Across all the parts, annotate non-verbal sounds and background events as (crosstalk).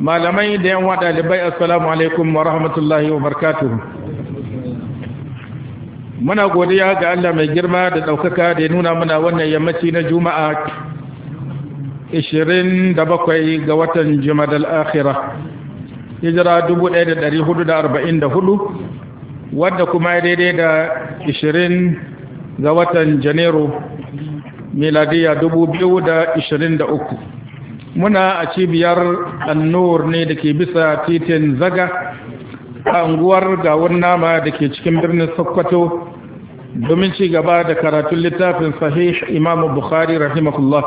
malamai da yan wada libai assalamu alaikum wa rahmatullahi wa barakatuhu muna godiya ga Allah mai girma da ɗaukaka da ya nuna muna wannan yammaci na juma'a 27 ga watan jumadal akhira hijira 1444 wadda kuma ya daidai da 20 ga watan janairu miladiya 2023 muna a cibiyar annur ne da ke bisa titin zaga a unguwar gawon nama da ke cikin birnin sokoto domin ci gaba da karatun littafin sahih imam bukhari rahimahullah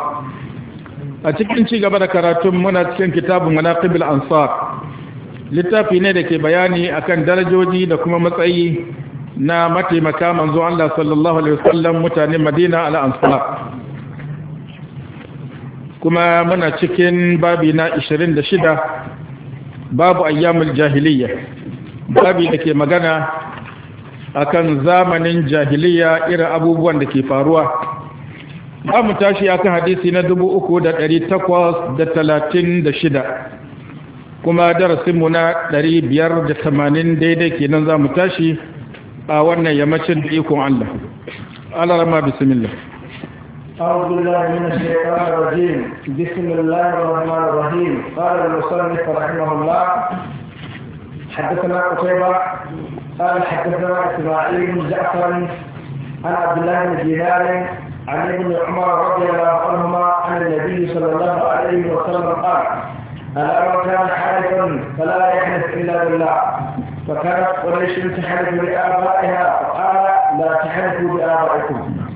a cikin ci gaba da karatun muna cikin kitabun manaqibul ansar littafi ne da ke bayani akan darajoji da kuma matsayi na mataimaka manzo Allah sallallahu alaihi wasallam mutanen Madina al-Ansar kuma muna cikin babi na 26 babu ayyamul jahiliya babi da ke magana akan zamanin jahiliya irin abubuwan da ke faruwa za mu tashi akan hadisi na 3836 kuma darasinmu na 580 daidai kenan za mu tashi a wannan yammacin da ikon Allah. Allah rama bismillah. أعوذ بالله من الشيطان الرجيم بسم الله الرحمن الرحيم قال المصنف رحمه الله حدثنا قتيبة قال حدثنا إسماعيل بن جعفر عن عبد الله بن دينار عن ابن عمر رضي الله عنهما عن النبي صلى الله عليه وسلم قال الأمر كان حالفا فلا يحلف إلا بالله فكانت قريش تحلف بآبائها فقال لا تحلفوا بآبائكم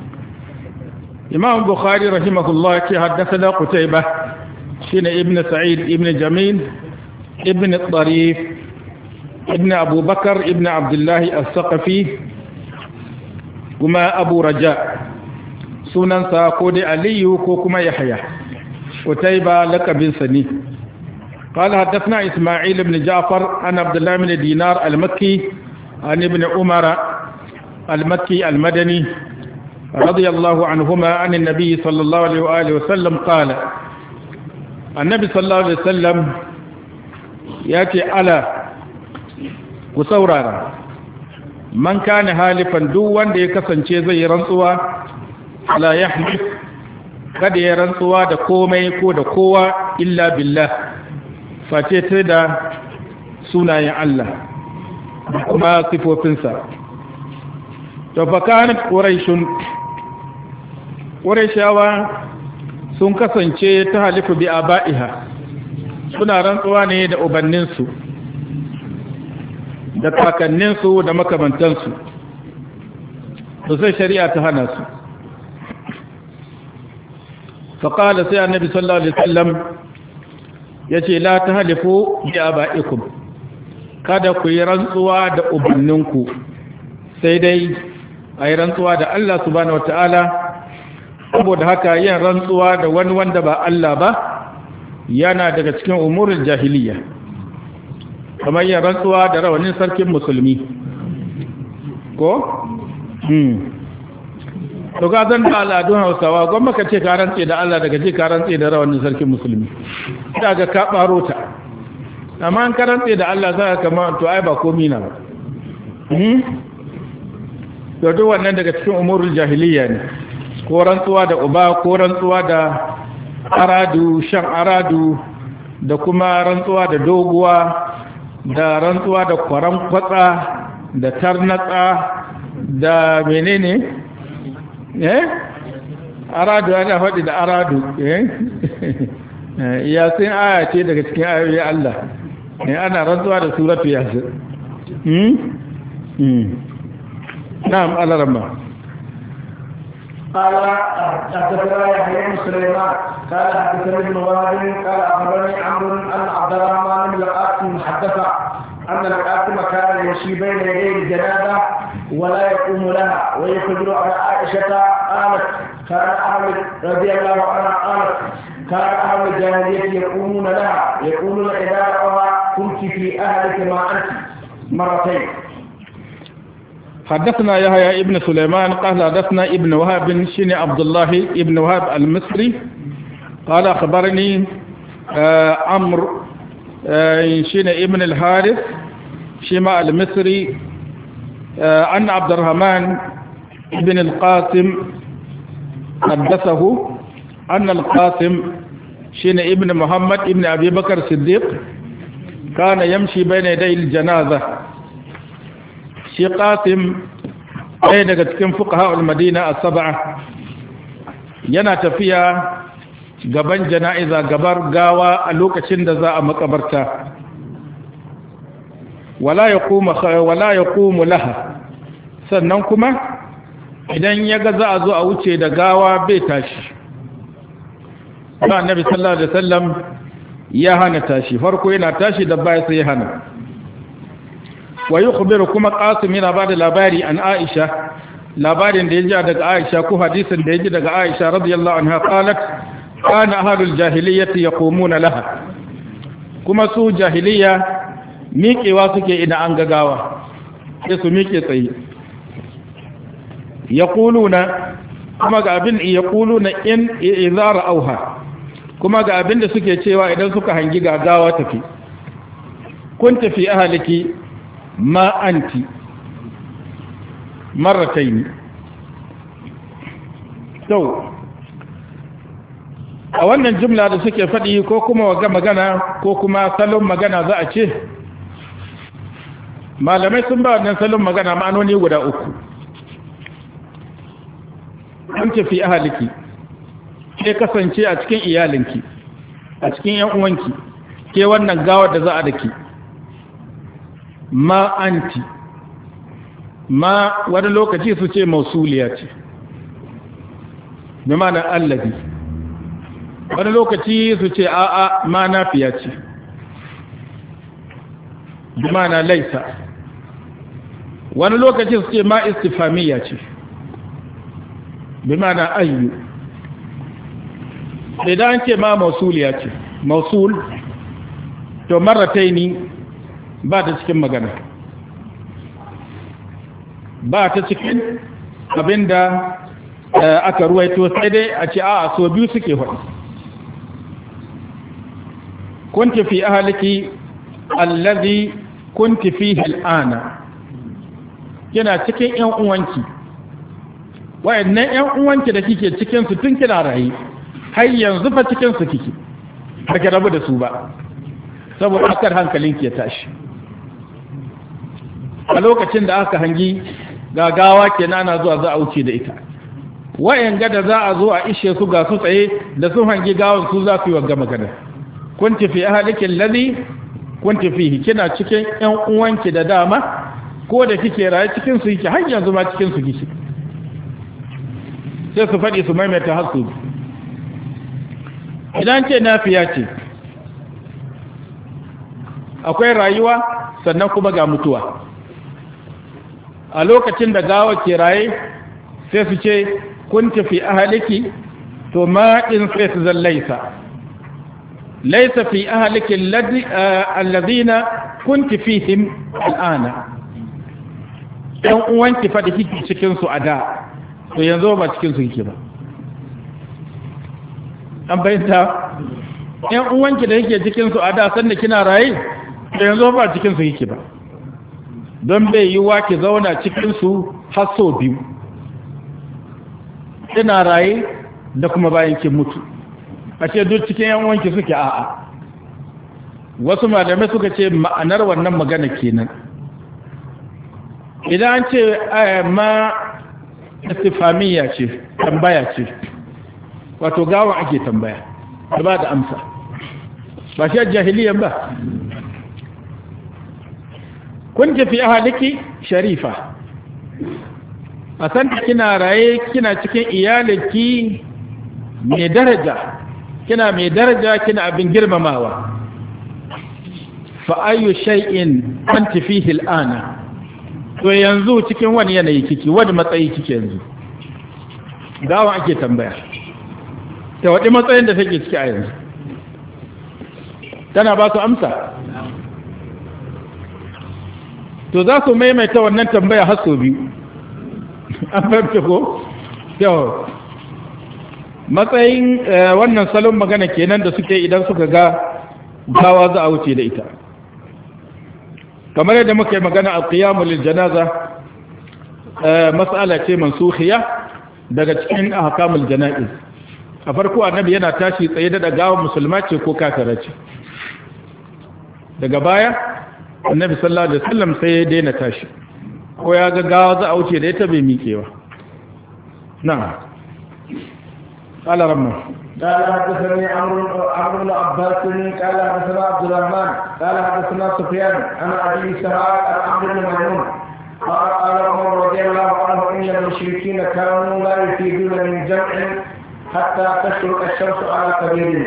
imam bukhari rahimahullah ce haddasa qutayba shine ibn sa'id ibn jamil ibn tarif ibn abubakar ibn abdullahi as-saqafi kuma abu sunansa ko dai aliyu ko kuma yahya qutayba lakabin sani قال حدثنا إسماعيل بن جعفر عن عبد الله بن دينار المكي عن ابن عمر المكي المدني رضي الله عنهما عن النبي صلى الله عليه وآله وسلم قال النبي صلى الله عليه وسلم يأتي على وسورارا من كان هالفا دوان دي كسن زي رنسوا لا يحلف kada ya rantsuwa da komai ko da kowa illa billah face ta da sunayen Allah kuma sifofinsa to fa kanat quraishun ƙurashawa sun kasance ta halifu bi ba'iha suna rantsuwa ne da ubanninsu da kakanninsu da makamantansu da sai shari'a ta hana su faƙala sai annabi sallallahu alaihi wasallam ya ce la ta halifu bi aba'ikum kada ku yi rantsuwa da ubanninku sai dai a yi rantsuwa da Allah subhanahu wata'ala saboda haka yin rantsuwa da wani wanda ba Allah ba yana daga cikin umurin jahiliya kamar yin rantsuwa da rawanin sarkin musulmi ko? Hmm. to ka zan da al'adun hausawa gwamma ka ce ka rantse da Allah daga ce ka rantse da rawanin sarkin musulmi daga ka ɓaro ta amma an ka rantse da Allah za ka kama to ai ba komi na ba hmm? to duk wannan daga cikin umurul jahiliya ne ko rantsuwa da uba ko rantsuwa da aradu shan aradu da kuma rantsuwa da doguwa da rantsuwa da kwaran kwatsa da tarnatsa da menene eh aradu ana faɗi da aradu eh, (laughs) eh yasin aya ce daga cikin ayoyi Allah ne eh, ana rantsuwa da suratu yasin hmm hmm na'am alarma قال حدثنا يحيى بن سليمان قال حدثنا ابن وهب قال اخبرني عمرو ان عبد الرحمن بن القاسم حدث ان القاسم كان يمشي بين يدي الجنازه ولا يقوم لها ويخبر على عائشه قالت كان احمد رضي الله عنها قالت كان اهل الجاهليه يقومون لها يقولون اذا رأى كنت في اهلك ما انت مرتين حدثنا يحيى ابن سليمان قال حدثنا ابن وهاب بن عبد الله ابن وهاب المصري قال أخبرني عمرو آه، آه، شين ابن الحارث شيماء المصري آه، أن عبد الرحمن ابن القاسم حدثه أن القاسم شين ابن محمد ابن أبي بكر الصديق كان يمشي بين يدي الجنازة shi qasim ɗaya daga cikin fuqaha'ul madina as-sab'a yana tafiya gaban jana'iza gabar gawa a lokacin da za a makabarta wala ya wala laha sannan kuma idan ya ga za a zo a wuce da gawa bai tashi ba annabi sallallahu alaihi wasallam ya hana tashi farko yana tashi da baya sai ya hana wa yukhbiru kuma qasim yana bada labari an aisha labarin da yaji daga aisha ko hadisin da yaji daga aisha radiyallahu anha qalat kana ahlul jahiliyyati yaqumuna laha kuma su jahiliya miƙewa suke ina an gagawa sai su miƙe tsaye yaquluna kuma ga abin yaquluna in idza auha kuma ga abin da suke cewa idan suka hangi gagawa tafi kun tafi ahaliki ما أنت مرتين تو a wannan jumla da suke faɗi ko kuma magana ko kuma salon magana za ce malamai sun ba wannan salon magana ma'anoni guda uku an tafi ahaliki ke kasance a cikin iyalinki a cikin yan uwanki ke wannan gawar da za a daki ma anti ma wani lokaci su ce mausuliya ce bi mana allabi wani lokaci su ce a'a ma nafiya ce bi mana laisa wani lokaci su ce ma istifamiya ce bi mana ayyu idan ce ma mausuliya ce mausul to marataini ba ta cikin magana ba ta cikin abinda eh, aka ruwaito sai dai a ce a so biyu suke hudu kunti fi ahaliki allazi kunti fihi al'ana kina cikin yan uwanki wayannan yan uwanki da kike cikin su tun kina rayu har yanzu fa cikin su kike ba rabu da su ba saboda akar hankalinki ya tashi a lokacin da aka hangi gagawa ke nana zuwa za a wuce da ita wayan gada za a zo a ishe su ga su tsaye da sun hangi gawar su za su yi wagga magana kun tafi halikin lazi kun tafi kina cikin yan uwanki da dama ko da kike raye cikin su yake har yanzu ma cikin su kike sai su faɗi su maimaita har su idan ce nafiya ce akwai rayuwa sannan kuma ga mutuwa a lokacin da gawa ke raye sai su ce kun tafi ahaliki to ma in sai su zan laisa laisa fi ahalikin allazina kun tafi him al'ana ɗan uwanki faɗi kiki cikinsu a da to yanzu ba cikinsu kike ba an bayyanta ɗan uwanki da kike cikinsu a da sanda kina raye to yanzu ba cikinsu kike ba don bai yi wa ki zauna cikinsu har so biyu ina raye da kuma bayan ki mutu a ce duk cikin yawanki suke a'a wasu malamai suka ce ma'anar wannan magana kenan idan an ce eh, ma istifamiya ce tambaya ce wato gawa ake tambaya ba da amsa ba shi jahiliyan ba kun tafi ahaliki sharifa a ta kina raye kina cikin iyalinki mai daraja kina mai daraja kina abin girmamawa fa'ayyu shay'in an tafi hil'ana to yanzu cikin wani yanayi kiki wani matsayi kike yanzu dawa ake tambaya ta waɗi matsayin da take ciki a yanzu tana ba su amsa to za su maimaita wannan tambaya har sau biyu an fahimta ko yau matsayin eh, wannan salon magana kenan da suke idan suka ga bawa za a wuce da ita kamar yadda muka yi magana alkiyamu lil janaza eh, mas'ala ce mansuhiya daga cikin ahkamul janaiz a farko annabi yana tashi tsaye da gawa musulma ce ko kafira ce daga baya annabi sallallahu alaihi wasallam sai ya daina tashi ko ya ga gawa za a wuce da ita bai قال رمه قال حدثني عمرو عمرو بن عباس قال حدثنا عبد الرحمن قال حدثنا سفيان انا ابي اسحاق عن عمرو بن ميمون قال عمر رضي الله عنه ان المشركين كانوا لا يفيدون من جمع حتى تشرق الشمس على قبيلهم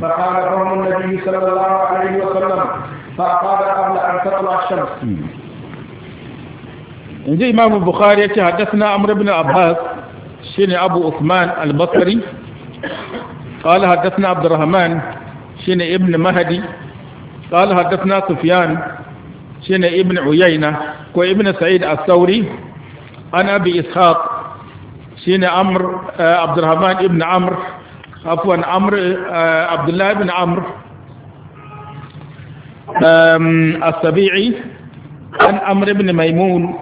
فقال لهم النبي صلى الله عليه وسلم فقال قبل أن تطلع الشمس إن إمام البخاري حدثنا عمرو بن عباس شين أبو عثمان البصري قال حدثنا عبد الرحمن شين ابن مهدي قال حدثنا سفيان شين ابن عيينة وابن سعيد الثوري عن أبي إسحاق شين عمرو آه، عبد الرحمن ابن عمرو عفوا عمرو آه، عبد الله بن عمرو السبيعي عن أمر بن ميمون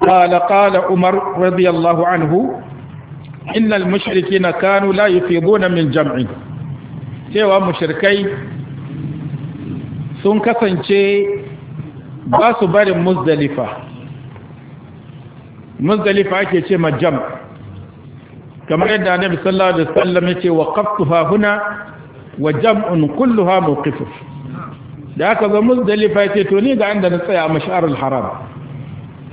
قال قال عمر رضي الله عنه إن المشركين كانوا لا يفيضون من جمع سوى مشركي sun kasance ba su barin muzdalifa muzdalifa ake ce majam kamar yadda annabi sallallahu alaihi wasallam yace waqaftuha huna wa jam'un kulluha mawqifun da aka zo muzdalifa ya ce to ni ga inda na tsaya mash'arul haram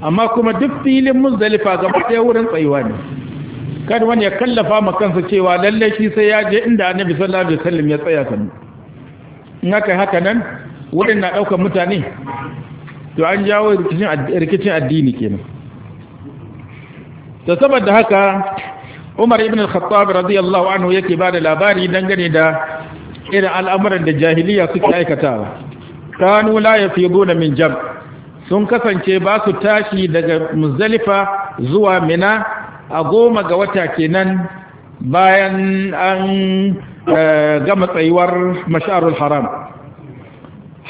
amma kuma duk filin muzdalifa ga ɗaya wurin tsayuwa ne kada wani ya kallafa ma kansa cewa lallai shi sai ya je inda annabi sallallahu alaihi wasallam ya tsaya kan in aka haka nan wurin na ɗaukar mutane to an jawo rikicin addini kenan to saboda haka Umar ibn al-Khattab radiyallahu anhu yake bada labari dangane da irin al'amuran da jahiliya suke aikatawa kanu la yafiduna min jam sun kasance ba su tashi daga muzdalifa zuwa mina a goma ga wata kenan bayan an eh, gama tsayuwar masharar haram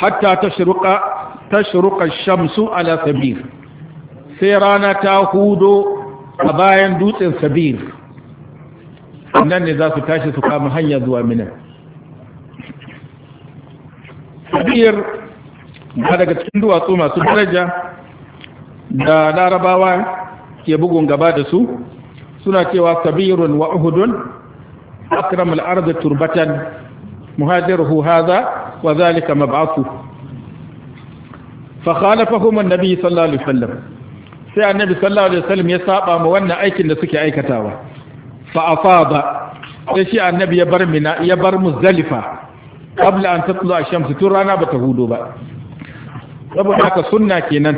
hatta ta tashruqa shamsu ala sabir sai rana ta hudo a bayan dutsen sabir nan ne za su tashi su kama hanya zuwa mina sabiyar na daga cikin duwatsu masu daraja da larabawa ke bugun gaba da su suna cewa kabirun wa uhudun akram al'arda turbatan muhajiruhu huhaza, wa zalika mab'athu fa khalafahum an-nabi sallallahu alaihi wasallam sai annabi sallallahu alaihi wasallam ya saba ma wannan aikin da suke aikatawa fa afada sai shi annabi ya bar mina ya bar muzdalifa Kabla an tatlu a shams tun rana ba ta hudu ba saboda haka sunna kenan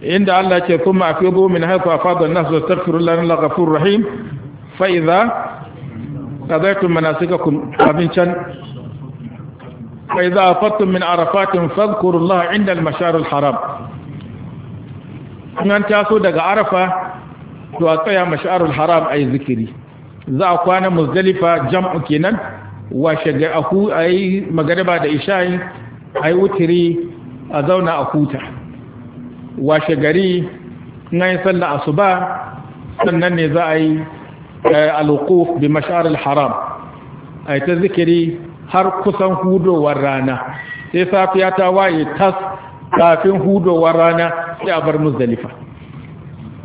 inda Allah ce kuma a afidu min haythu afada an-nas wastaghfirullaha innahu ghafurur rahim fa idza qadaytum manasikakum abin can fa a afattum min arafatin fadhkurullaha 'inda al-mashar al-haram an taso daga arafa to a tsaya masharar haram a yi zikiri za a kwana muzdalifa jam'u kenan washe ga a yi magariba da isha'i a yi wutiri a zauna a huta washe gari na yi sallah asuba sannan ne za a yi eh, alukuf bi mashar haram a yi ta zikiri har kusan hudowar rana sai safiya ta waye tas kafin hudowar rana sai a bar muzdalifa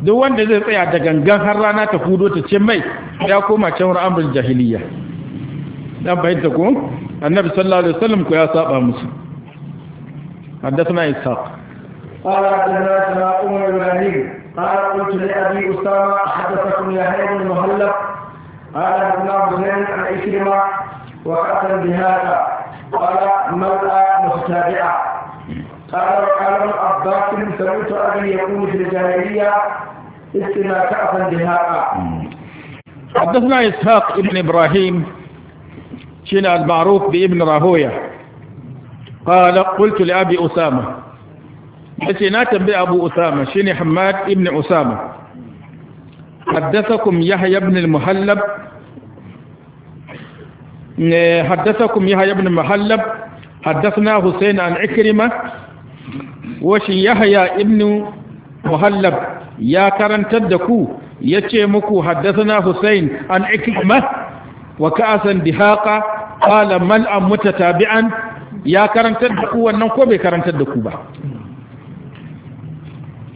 duk wanda zai tsaya da gangan har rana ta hudo ta ce mai ya koma cewar amurin jahiliya dan bayyana ko annabi sallallahu alaihi wasallam ko ya saba musu حدثنا إسحاق قال حدثنا سنا عمر بن علي قال قلت لأبي أسامة حدثكم يا هيد المهلب قال حدثنا بنين عن عكرمة وقتا بهذا قال مرأة مستابعة قال وقال ابن عباس سمعت أبي يقول في الجاهلية استنا كأفا بهذا حدثنا إسحاق ابن إبراهيم شين المعروف بابن راهوية قال قلت لأبي أسامة حسينات بأبو أسامة شين حماد ابن أسامة حدثكم يحيى بن المهلب حدثكم يحيى بن المهلب حدثنا حسين عن عكرمة وشي يحيى ابن مهلب يا كرنتدكو يتي مكو حدثنا حسين عن عكرمة وكأسا دهاقا قال ملأ ya يا da الدكو wannan ko bai karantar da ku ba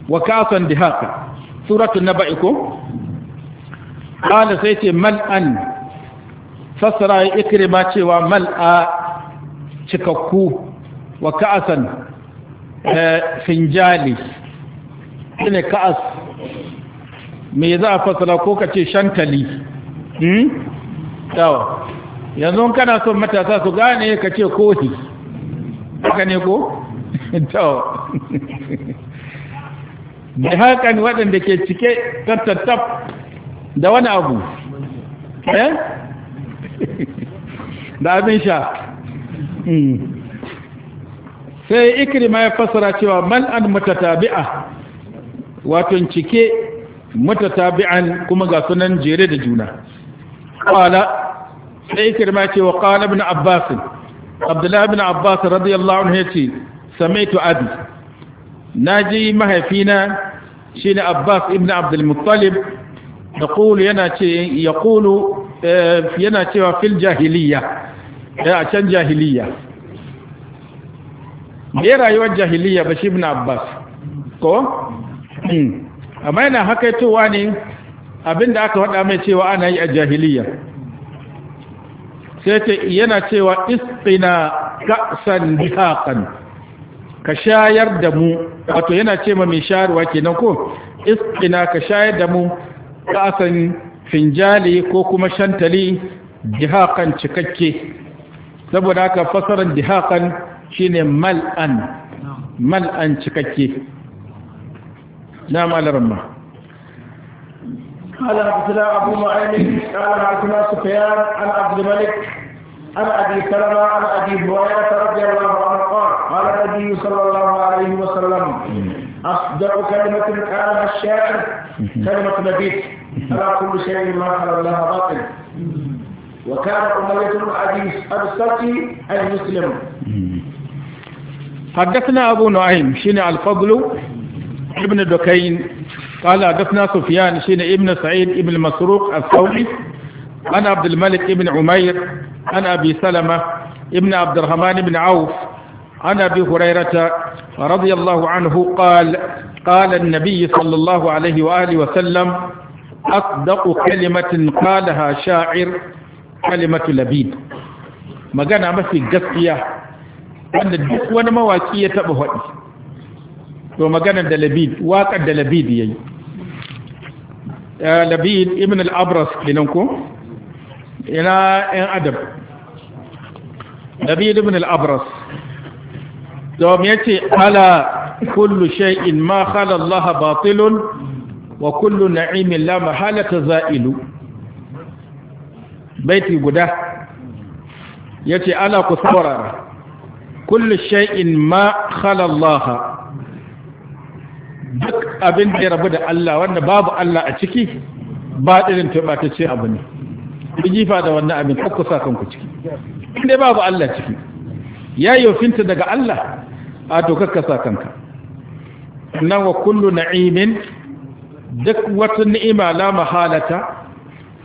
wa kasan dihaka suratul naba'i ko qala sai ce mal'an fasara ya ikrima cewa mal'a cikakku wa ka'asan eh, finjali ne ka'as me za a fasara ko ka ce shantali hmm? karantawa yanzu kana son matasa su gane ka ce kohi haka ne ko? tawa da hakan waɗanda ke cike tattattaf da wani abu eh? (laughs) da abin sha hmm. sai ikirma ya fasara cewa man an matatabi'a wato cike matatabi'an kuma ga sunan jere da juna ƙwala sai kirma ce wa qala ibn abbas Abdullahi bin abbas radiyallahu anhu yace samaitu abi naji mahaifina shi ne abbas ibn abdul muttalib yaqulu yana ce yaqulu eh, yana cewa fil jahiliya eh, a can jahiliya me rayuwar jahiliya ba shi bin abbas ko hmm. amma yana hakaitowa ne abinda aka faɗa mai cewa ana yi a jahiliya sai ce yana cewa istina ka'san bihaqan ka shayar da mu wato yana cewa ma mai shayarwa kenan ko istina ka shayar da mu ka'san finjali ko kuma shantali dihaqan cikakke saboda haka fasaran dihaqan shine mal'an mal'an cikakke na malaran قال حدثنا أبو معين قال حدثنا سفيان عن عبد الملك عن أبي سلمة عن أبي هريرة رضي الله عنه قال قال النبي صلى الله عليه وسلم أصدق كلمة قالها الشاعر كلمة نبيك على كل شيء ما قال الله باطل وكان أمية الحديث ابسطي المسلم أي مسلم حدثنا أبو نعيم شنع الفضل ابن دكين قال حدثنا سفيان شين ابن سعيد ابن مسروق الثوري عن عبد الملك ابن عمير عن أبي سلمة ابن عبد الرحمن بن عوف عن أبي هريرة رضي الله عنه قال قال النبي صلى الله عليه وآله وسلم أصدق كلمة قالها شاعر كلمة لبيد magana mafi gaskiya wanda duk wani mawaki ya taɓa haɗi to maganar da labid waƙar da labid ya yi eh, labid ibn al-abras dinan ko ina yan adab labid ibn al-abras domin ya ce ala kullu shay'in ma khala Allah batilun wa kullu na'imin la mahalata za'ilu baiti guda yace ala ku saurara kullu shay'in ma khala Allah duk abin da ya rabu da Allah wanda babu Allah a ciki ba irin ce abu ne ku jifa da wannan abin ku sa kanku ciki inda babu Allah ciki ya yi yofinta daga Allah a to kakka sa kanka nan wa kullu na'imin duk wata ni'ima la mahalata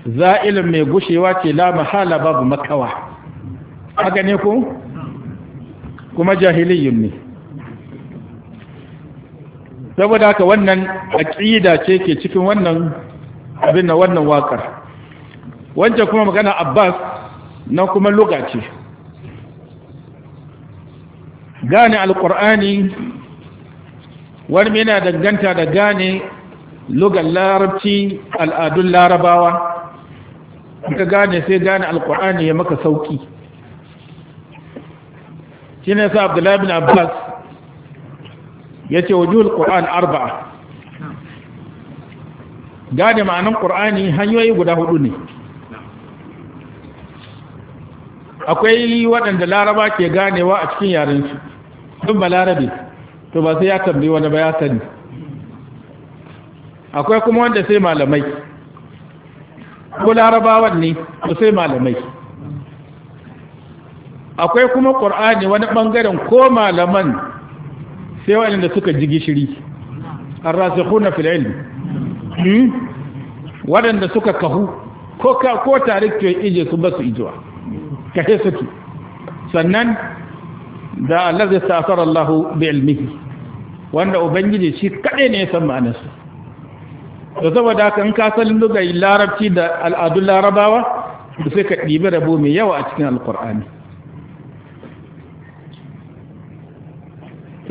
za'ilun mai gushewa ce la mahala babu makawa haka ne ku kuma jahiliyyun ne saboda haka wannan aqida ce ke cikin wannan abin na wannan wakar wancan kuma magana abbas na kuma luga ce gane alqur'ani wani yana danganta da gane lugar larabci al'adun larabawa ka gane sai gane Alƙur'ani ya maka sauƙi. shi ne sa abdullahi bin abbas yace wujuhul qur'an arba'a gane ma'anan qur'ani hanyoyi guda hudu ne akwai waɗanda laraba ke ganewa a cikin yarensu duk ba larabe to ba sai ya tambayi wani ba ya sani akwai kuma wanda sai malamai ko larabawan ne to sai malamai akwai kuma ƙur'ani wani ɓangaren ko malaman sai waɗanda suka ji gishiri an rasikhuna fil ilm hmm? waɗanda suka kahu ko ka ko tare ije su basu ijuwa kahe suke sannan da allazi safara Allah bi ilmihi wanda ubangiji shi kaɗai ne ya san ma'anarsa to saboda haka in ka san lugar larabci da al'adun larabawa sai ka ɗibi rabo mai yawa a cikin alkur'ani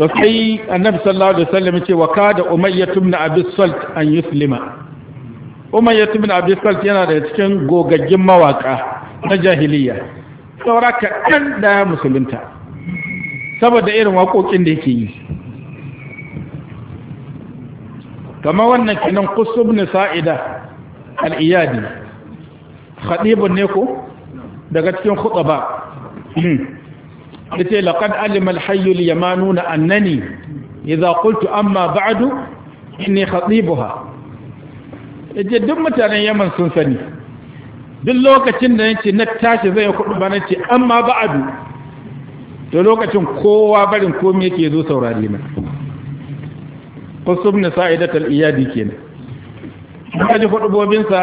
to sai annabi sallallahu alaihi wasallam ce wa kada umayyah ibn abi salt an yuslima umayyah ibn abi salt yana da cikin gogaggin mawaka na jahiliya sauraka dan da musulunta saboda irin waƙoƙin da yake yi kamar wannan kinan kusur ibn sa'ida al'iyadi haɗibin ne ko daga cikin khutaba ba hmm. yace laqad alimal hayyul ya ma yamanuna annani idza qultu amma ba'du inni khatibuha ita duk mutanen Yaman sun sani duk lokacin da yake na tashi zai kudu bana ce amma ba'du to lokacin kowa barin komai yake zo saurari na qusub na sa'idat al-iyadi kenan kaji ji sa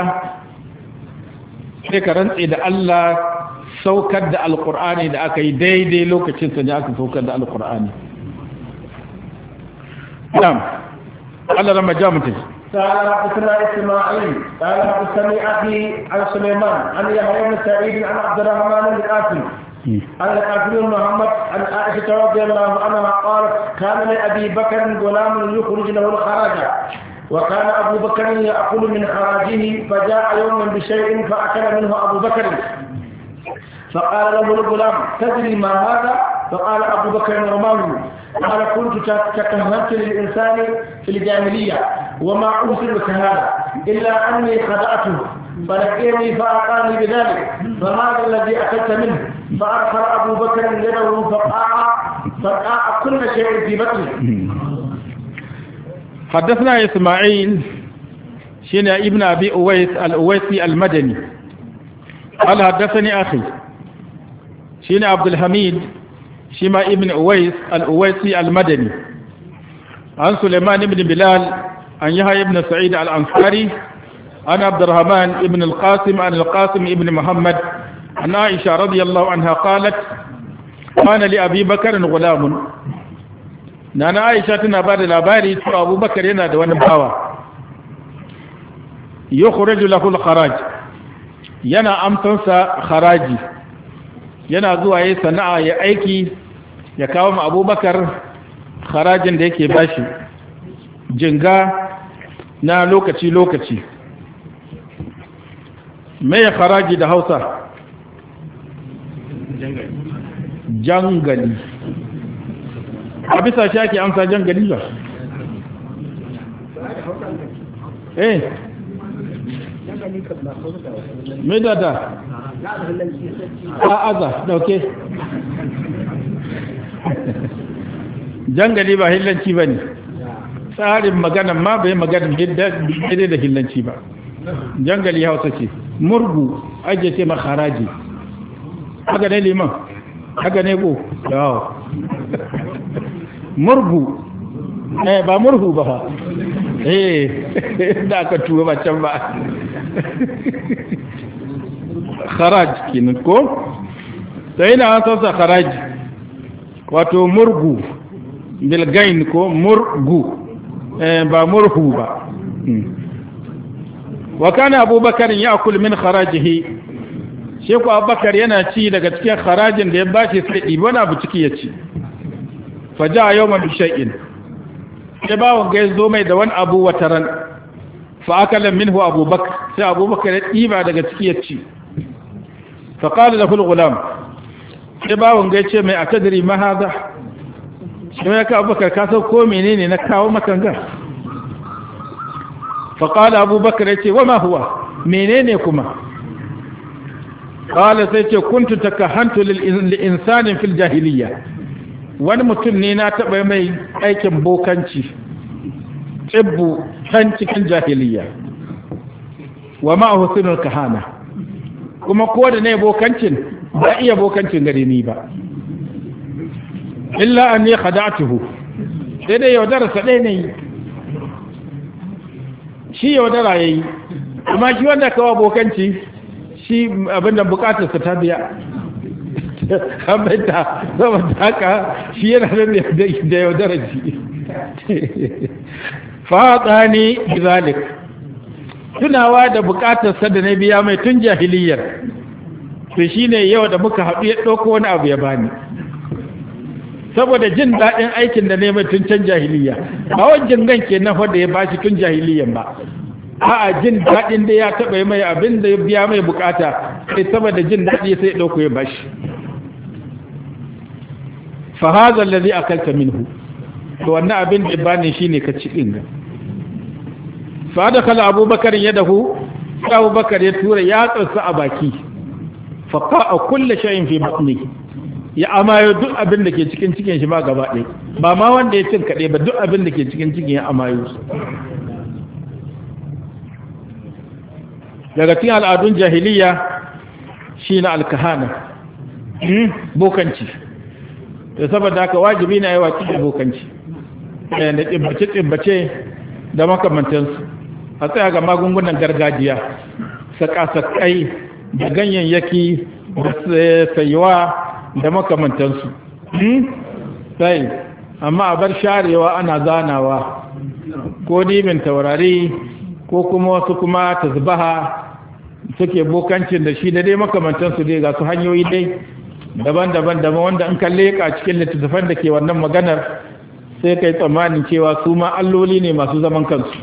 sai ka rantse da Allah saukar da alkur'ani da aka yi daidai lokacin sa ne aka saukar da alkur'ani na'am Allah rama ja mutum قال حدثنا اسماعيل قال حدثني ابي عن سليمان عن يحيى بن سعيد عن عبد الرحمن بن قاسم عن القاسم بن محمد عن عائشه رضي الله عنها قالت كان لابي بكر غلام يخرج له الخراج وكان أبو بكر يأكل من خراجه فجاء يوما بشيء فأكل منه أبو بكر فقال له الغلام تدري ما هذا فقال أبو بكر ومر قال كنت تكهنت للإنسان في الجاهلية وما أرسل كهذا إلا أني خدعته فلقيني فأقاني بذلك فهذا الذي أكلت منه فارسل أبو بكر يده فقاع فقاع كل شيء في بطنه حدثنا إسماعيل شنا ابن أبي أويس الأويسي المدني قال حدثني أخي shine abdulhamid shi ma ibn uwais al-uwaisi al-madani an suleiman ibn bilal an yahya sa'id al-ansari an abdurrahman ibn al-qasim an al-qasim ibn muhammad an aisha radiyallahu anha qalat kana li abi bakr ghulam na aisha tana bada labari cewa abubakar yana da wani bawa yukhraju lahu al yana amsansa haraji. yana zuwa ya sana'a ya aiki ya kawo ma abubakar harajin da yake bashi jinga na lokaci-lokaci mai haraji da hausa jangali a bisa shaki amsa jangali ba eh me da da a aza dauke jangali ba hillanci ba ne tsarin magana ma bai magana daidai da hillanci ba jangali hausa ce murgu ajiye ce makaraji haka ne liman haka ne ko yawo murgu eh ba murhu ba eh (laughs) da aka tuwa ba can ba kharaj kenan ko sai na an sassa kharaj wato murgu gain ko murgu eh, ba murhu ba hmm. wa kana abubakar ya akul min kharajihi sheku abubakar yana ci daga cikin kharajin da ya bashi sai ibn abu ciki ya ci faja a bi shay'in sha'in ya bawon gaizo mai da wani abu wataran fa akala minhu abubakar sai abubakar ya diba daga ciki ya ci fa qala lahu al-ghulam sai bawon ga yace mai atadri ma hada sai ya ka abubakar ka san ko menene na kawo maka ga fa qala abubakar yace wa ma huwa menene kuma qala sai ce kuntu takahantu lil insani fil jahiliya. wani mutum ne na taɓa mai aikin bokanci tsibbu can cikin jahiliya wa ma'ahu sunul kahana kuma ko da ne bokancin ba iya bokancin gare ni ba illa an ya khada'tuhu sai dai yaudara sa dai ne shi yaudara yayi amma shi wanda kawo bokanci shi abinda bukatar sa ta biya abinda saboda haka shi yana da yaudara shi faɗa bizalik tunawa da buƙatarsa da na biya mai tun jahiliyar to shi ne yau da muka haɗu ya ɗauko wani abu ya bani saboda jin daɗin aikin da ne mai tun can jahiliya ba wajen gan ke na da ya bashi tun jahiliyan ba a'a jin daɗin da ya taɓa mai abin da ya biya mai bukata sai saboda jin daɗi sai ɗauko ya bashi fa hadha alladhi akalta minhu to wannan abin da bani shine ka ci ɗin fa da kala abubakar ya dahu abubakar ya tura ya tsarsa a baki fa a kulle shayin fi batni ya amayo duk abin da ke cikin cikin shi ba gaba ɗaya ba ma wanda ya cin kaɗai ba duk abin da ke cikin cikin ya amayo daga cikin al'adun jahiliya shi na alkahana hmm, bokanci da saboda haka wajibi na yi wa cikin bokanci eh, da tsibbace-tsibbace da makamantansu a tsaya ga magungunan gargajiya sakasakai da ganyayyaki da sayuwa da makamantansu hmm? sai amma a bar sharewa ana zanawa ko dimin taurari ko kuma wasu kuma tasbaha suke bokancin da shi da dai makamantansu dai ga su hanyoyi dai daban-daban da wanda in kalle leƙa cikin littattafan da ke wannan maganar sai kai tsammanin cewa su ma alloli ne masu zaman kansu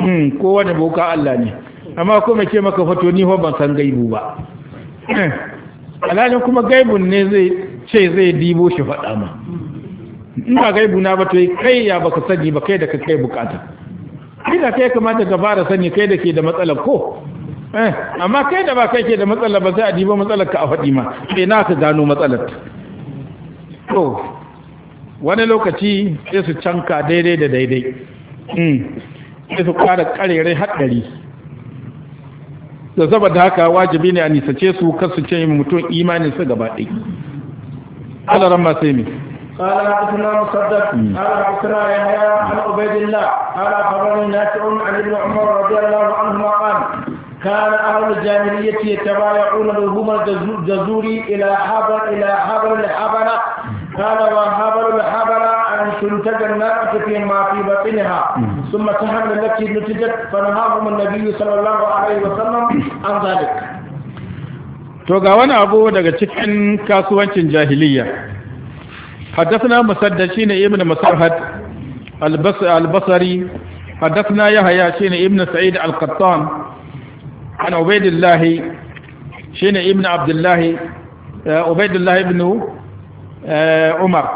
Hmm, ko wani boka Allah ne amma kuma ce maka fato ni ho ban san gaibu ba hmm, alalin kuma gaibun ne zai ce zai dibo shi faɗa ma in ba gaibu na ba to kai ya baka sani ba kai da ka kai bukata kina kai kamata ka fara sani kai da ke da matsalar ko hmm, amma kai da ba kai ke da matsalar ba sai a dibo matsalar ka a faɗi ma sai na ka gano matsalar to wani lokaci sai su canka daidai da daidai sai su fara karerai haɗari da saboda haka wajibi ne a nisace su kar su ce mutum imanin su gaba ɗaya ala ramma sai ne ala kusurna musaddad ala kusurna ya haya an ubaidillah ala kabarin na ci un an ibn umar radiyallahu an huma kan kan ahalar jami'ar yace ta baya ƙunar hukumar da zuri ila ila habar da قال وهبل الحبل أن تنتج النار في ما في بطنها ثم تحمل التي نتجت فنهاهم النبي صلى الله عليه وسلم عن ذلك to ga wani abu daga cikin kasuwancin jahiliya haddathna musaddad shine ibnu musarhad al-basri haddathna yahya shine ibnu sa'id al-qattan an ubaydillah shine ibnu abdullah ubaydillah ibnu آه، عمر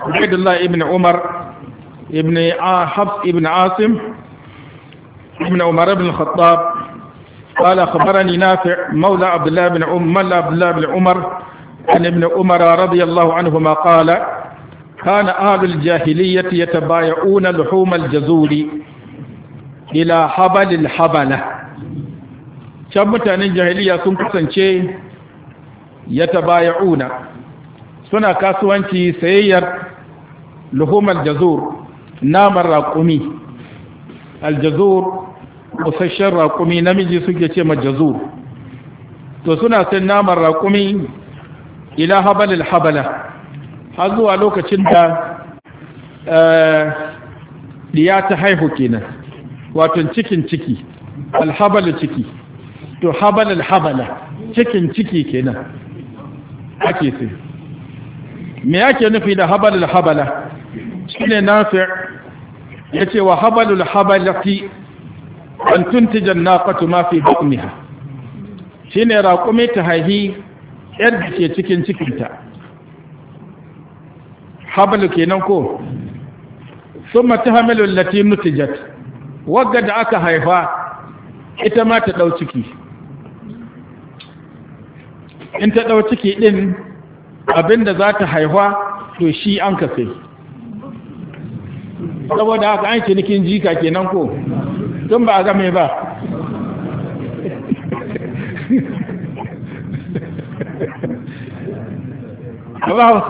عبد الله ابن عمر ابن حفص ابن عاصم ابن عمر بن الخطاب قال أخبرني نافع مولى عبد الله بن عم مولى عبد الله بن عمر عن ابن عمر رضي الله عنهما قال كان أهل الجاهلية يتبايعون لحوم الجزور إلى حبل الحبلة كم متان الجاهليه سنكسن شيء يتبايعون suna kasuwanci sayayyar luhumar jazur namar raƙumi aljazur busasshen raƙumi namiji suke ce ma jazur to suna san naman raƙumi ila habalil habala har zuwa lokacin da ɗiya eh, ta haihu kenan wato cikin ciki Al-Habal ciki to habalil habala cikin ciki kenan ake sai me yake nufi da habalul habala shine nafi' yace wa habalul habalati an tuntija naqatu ma fi Shi shine raƙumi ta haihi yadda ke cikin cikinta habalu kenan ko summa tahmilu allati nutijat wagga da aka haifa ita ma ta dau ciki in ta dau ciki din abinda za ta haihuwa to shi an ka sai saboda haka an nikin jika kenan ko tun ba a game ba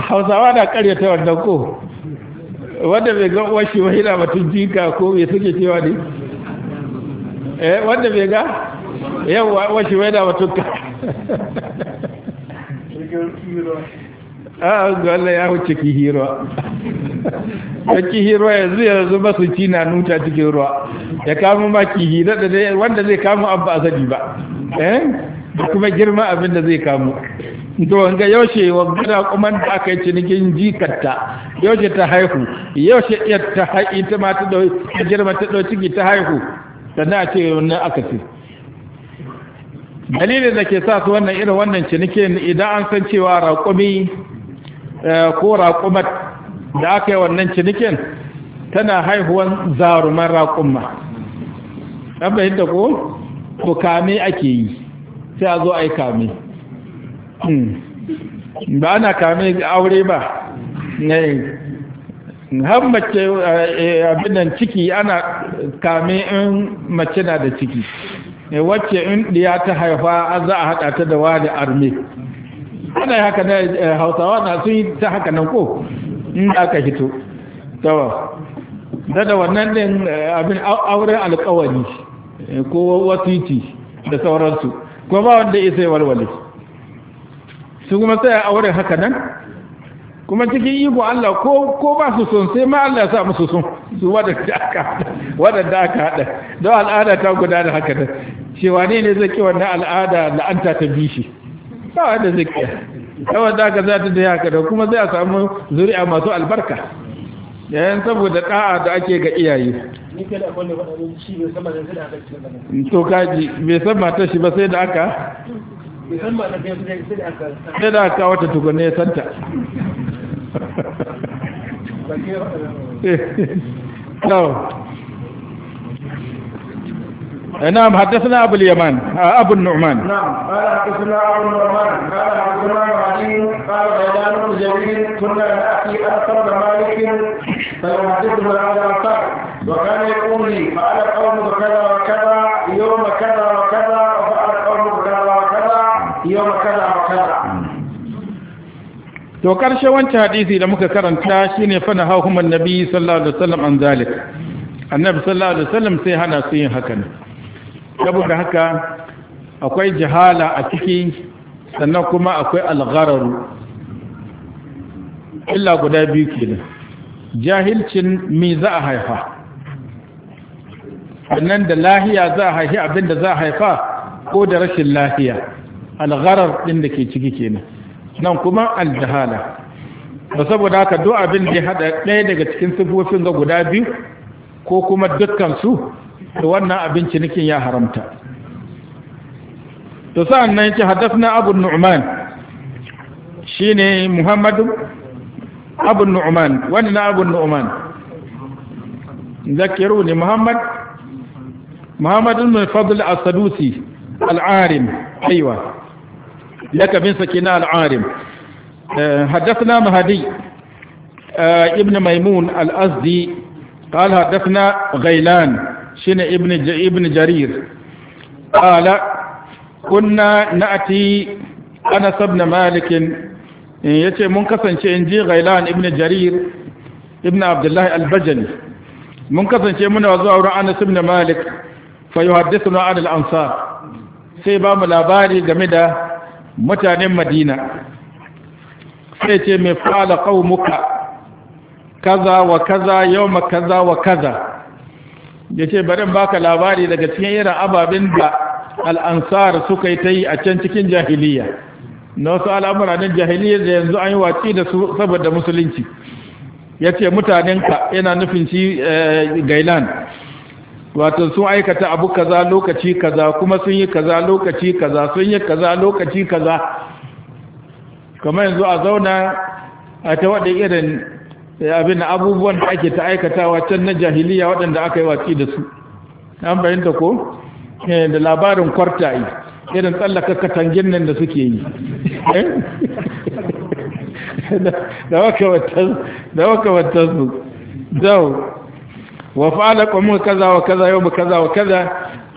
hausawa na ta wadda ko wanda bai ga uwar shi wahila batun jika ko bai suke cewa ne eh wanda bai ga yau uwar shi wahila batun ka (laughs) Ah, a gwalla ya wuce kihirwa da kihirwa yanzu yanzu masu ci na nuta cikin ruwa ya kama ma kihira da wanda zai kama abba a zabi ba eh? da kuma girma abinda zai kamo to wanga yaushe wanga kuma da aka yi cinikin jikarta yaushe ta haihu yaushe iya ta haihu ita ma ta girma ta ɗau ciki ta haihu sannan a ce wannan aka ce dalilin da ke sa su wannan irin wannan cinikin idan an san cewa raƙumi eh, ko raƙumat da aka yi wannan cinikin tana haihuwan zaruman raƙumma ɗan fahimta ko ko kame ake yi sai a zo a yi kame hmm. ba ana kame aure ba har mace eh, eh, abinan ciki ana kame in mace na da ciki Eh, wacce in diya ta haifa an za a haɗa ta da wani arme ana haka na eh, hausawa na sun yi ta haka nan ko in aka hito tawa da da wannan din eh, abin auren alkawari ko wasiti da sauransu ko ba wanda ya sai walwale su kuma sai auren haka nan kuma cikin iko Allah ko ko ba su son sai ma Allah ya sa musu son su wadanda aka wadanda aka hada don al'ada ta guda da haka da shi ne ne zai ki wannan al'ada la'anta ta bishi ba wanda zai ki saboda da za ta da haka da kuma zai samu zuri'a masu albarka yayin saboda da'a da ake ga iyaye to kaji bai san ta shi ba sai da aka sai da aka wata tukunne santa نعم حدثنا أبو اليمان أبو النعمان نعم قال حدثنا أبو النعمان قال حدثنا علي قال غيلان بن جميل كنا نأتي أكثر بن مالك فيحدثنا على الأنصار وكان يقول لي قال قوم كذا وكذا يوم كذا to karshe wancan hadisi da muka karanta shine fa na hahum annabi sallallahu alaihi wasallam an zalik annabi sallallahu alaihi wasallam sai hana su yin hakan saboda haka akwai jahala a ciki sannan kuma akwai alghararu illa guda biyu kenan jahilcin me za a haifa sannan da lahiya za a haifi abinda za a haifa ko da rashin lahiya algharar din da ke ciki kenan nan kuma aljahala da saboda haka duk abin da hada ɗaya daga cikin sifofin ga guda biyu ko kuma dukkan su da wannan abin cinikin ya haramta to sa'an nan yake haddasna abu nu'man shine muhammadu abu nu'man wani na abu nu'man zakiru ne muhammad muhammad mai fadl al-sadusi al-arim aiwa lakabin sa kenan al-arim haddathna mahdi ibn maimun al-azdi قال حدثنا غيلان شن ابن ابن جرير قال kunna na'ati Anas ibn Malik yace mun kasance in ji Ghailan ibn Jarir ibn Abdullah al-Bajali mun kasance muna zuwa wurin Anas ibn Malik fa yuhaddithuna an al sai ba mu labari game da mutanen madina sai ce mai fa'ala qaumuka kaza wa kaza yawma kaza wa kaza yace bari baka labari daga cikin irin ababen da al'ansar suka yi ta yi a can cikin jahiliya na wasu al'amura na jahiliya da yanzu an yi watsi da su saboda musulunci ya ce mutanenka yana nufin shi eh, gailan wato sun aikata abu kaza lokaci kaza kuma sun yi kaza lokaci kaza sun yi kaza lokaci kaza kamar yanzu a zauna a ta waɗin irin eh, abin abubuwan da ake ta aikatawa can na jahiliya waɗanda aka yi watsi da su an bayanta ko eh, da labarin kwartayi irin tsallaka katangin nan da suke yi eh? (laughs) da wakamantar su wa fa'ala qawmun kaza wa kaza yawm kaza wa kaza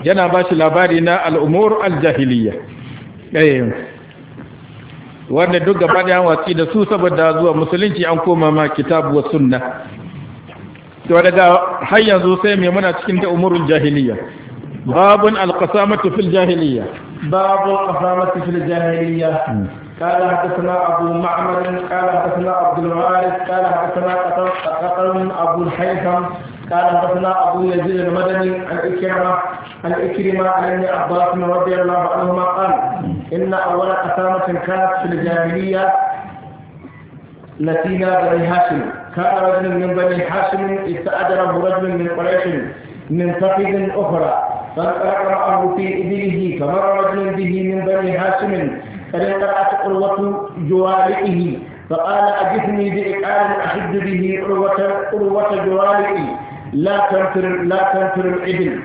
yana ba shi labari na al'umur al-jahiliya eh wanda duk gaba da watsi da su saboda zuwa musulunci an koma ma kitabu wa sunna to daga har yanzu sai mai muna cikin da umurul jahiliya babun alqasamatu fil jahiliya Babu alqasamatu fil jahiliya قال حدثنا أبو معمر قال حدثنا عبد الوارث قال حدثنا قطر أبو الحيثم قال حدثنا ابو يزيد المدني عن اكرمه عن اكرمه عن ابن عباس رضي الله عنهما قال ان اول قسامه كانت في الجاهليه نسينا بني هاشم كان رجل من بني هاشم استاجره رجل من قريش من تقد اخرى فقرأه في إبله فمر رجل به من بني هاشم فانقرأت قروة جوارئه فقال أجثني بإقال أحد به قروة قروة جوارئي لا تنفر لا تنفر العدل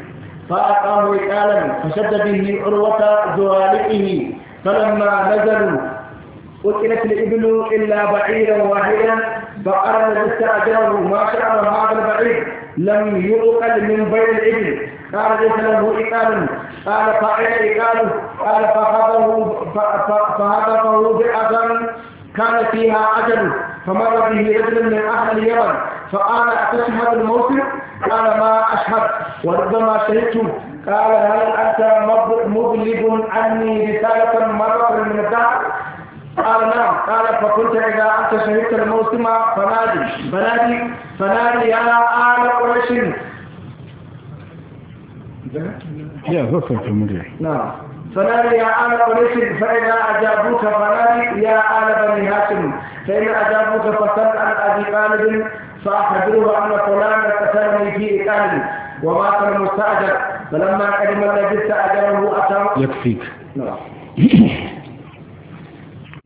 فأقام رجالا فشد به عروة زوالقه فلما نزلوا قتلت الإبل إلا بعيرا واحدا الذي استاجره ما الله هذا البعير لم يؤقل من بين الإبل قال ليس له إقال قال فأين إقاله قال فهبه فهبه بأذى كان فيها عجل فمر به رجل من أهل اليمن فقال أتشهد الموت قال ما أشهد وربما شهدت قال هل أنت مغلب عني رسالة مرة من الدهر قال نعم قال فقلت إذا أنت شهدت الموسم فنادي فنادي فنادي يا آل قريش يا ذكرت المدير نعم فنادي يا آل قريش فإذا أجابوك فنادي يا آل بني هاشم فإن أجابوك فسل عن أبي طالب فأخبروه أن فلانا كتبني في إقامي ومات المستأجر فلما قدم الذي استأجره أتى يكفيك نعم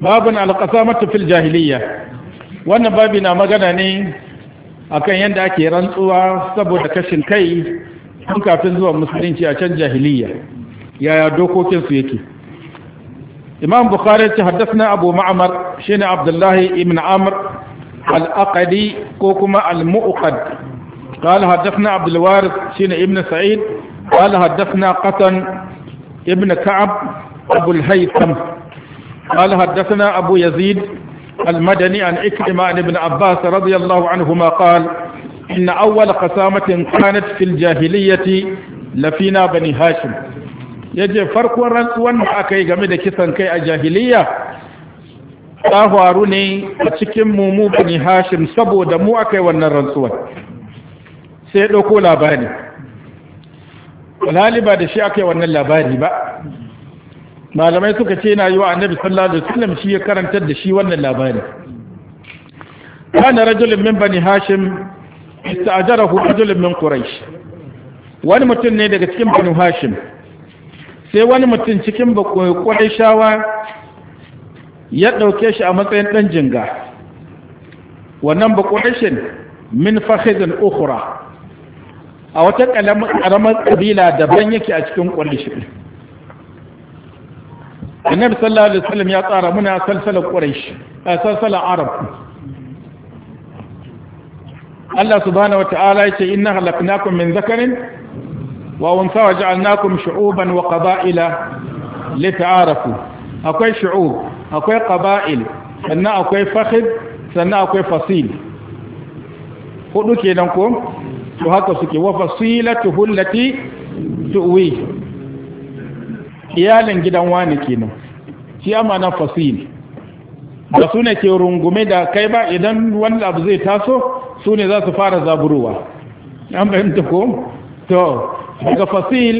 باب القسامة في الجاهلية wannan babi na magana ne akan yadda ake rantsuwa saboda kashin kai tun kafin zuwa musulunci a can jahiliya yaya dokokinsu yake imam bukhari ce haddasa abu ma'amar shine abdullahi ibn amr الأقدي كوكما المؤقد قال حدثنا عبد الوارث شين ابن سعيد قال حدثنا قطن ابن كعب أبو الهيثم قال حدثنا أبو يزيد المدني عن إكرم عن ابن عباس رضي الله عنهما قال إن أول قسامة كانت في الجاهلية لفينا بني هاشم yaje farkon rantsuwan da aka yi game da kisan kai a jahiliya ta faru ne a cikin mummu bani hashim saboda mu aka yi wannan rantsuwar sai ɗauko labari laliba da shi aka yi wannan labari ba malamai suka ce na yi wa annabi sallallahu alaihi wasallam shi ya karantar da shi wannan labari kana rajulun min bani hashim ista'jarahu rajulun min quraish wani mutum ne daga cikin bani hashim sai wani mutum cikin bakwai shawa. ya ɗauke shi a matsayin ɗan jinga wannan bakwashin min fahizin ukura a wata ƙaramar ƙabila daban yake a cikin ƙwarishi annabi sallallahu alaihi wasallam ya tsara muna salsalar ƙwarishi a salsalar arab Allah subhanahu wa ta'ala ya ce inna halaknakum min zakarin wa unsa wa ja'alnakum shu'uban wa qaba'ila lita'arafu akwai shu'ub akwai qaba'il sannan akwai fakhid sannan akwai fasil hudu kenan ko to haka suke wa fasilatu hullati tuwi iyalin gidan wani kenan shi amana fasil da su ne ke rungume da kai ba idan wani abu zai taso su ne za su fara zaburuwa an fahimta ko to daga fasil